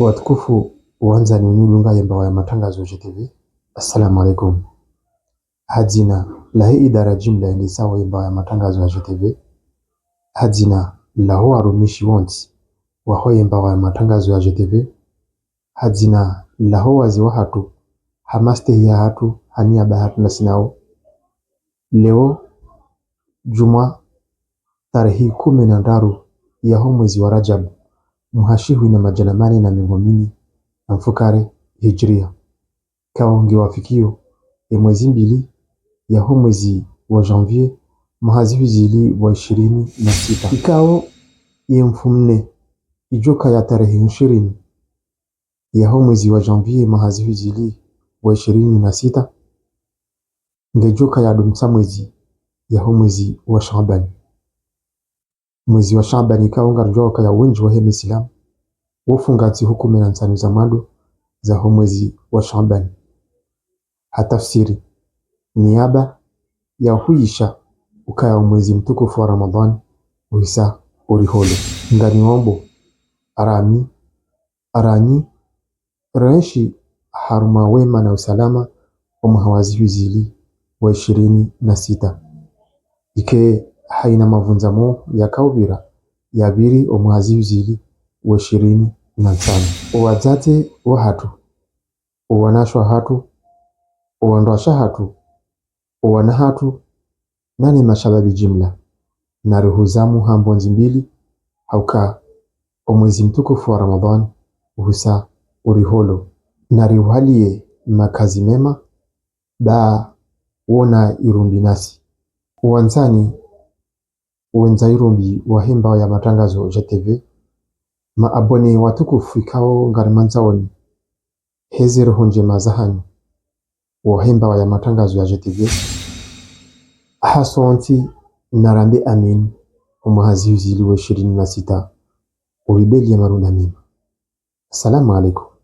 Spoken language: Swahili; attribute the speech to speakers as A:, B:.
A: Watukufu uwanja ni matangazo ya matangazo GTV. Assalamu alaikum. Hajina la hii idara jimla ni sawa imba ya matangazo ya GTV. Hajina la huwa rumishi wonsi wa hoye ya matangazo ya GTV. Hajina la huwa ziwa hatu hamaste ya hatu hania hatu na sinao. Leo Juma tarehi kumi na ndaru ya mwezi wa Rajabu muhashiwi na majanamani na mingomini na mfukare hijiria kaonge wafikio ya mwezi mbili yaho mwezi wa janvier mhazivizili wa ishirini na sita ikao ya mfumne ijoka ya tarehe ishirini yaho mwezi wa janvier mahazivizili wa ishirini na sita ngejoka ya dumsa mwezi yaho mwezi wa shambani mwezi wa Shaabani ikaonga rujwa wakaya wenji wa hemi silamu wofungatsi hukume na nsanu za mwandu za ho mwezi wa Shaabani. Hatafsiri niaba ya huisha ukaya mwezi mtukufu wa ramadan uhisa urihole nganiombo arani arani reshi haruma wema na usalama wa mhawazi huzili wa ishirini na sita ike haina ya kaubira ya biri omwazi uzili wa weshirini na nsano wa hatu uwanashwa hatu uwandwasha hatu uwana hatu nani mashababi jimla na ruhuzamu hambonzi mbili hauka omwezi mtukufu wa ramadhan husa uriholo na riuhalie makazi mema ba wona irumbi nasi uwanzani wenzairumbi himba ya matangazo jtv maabone watukufu ikawo ngarimanzaoni heziroho njema za wa himba ya matangazo ya jtv hasonti narambe amin umwahazi uziliwe ishirini na sita ubibeli ya marunda mema. Assalamu alaikum.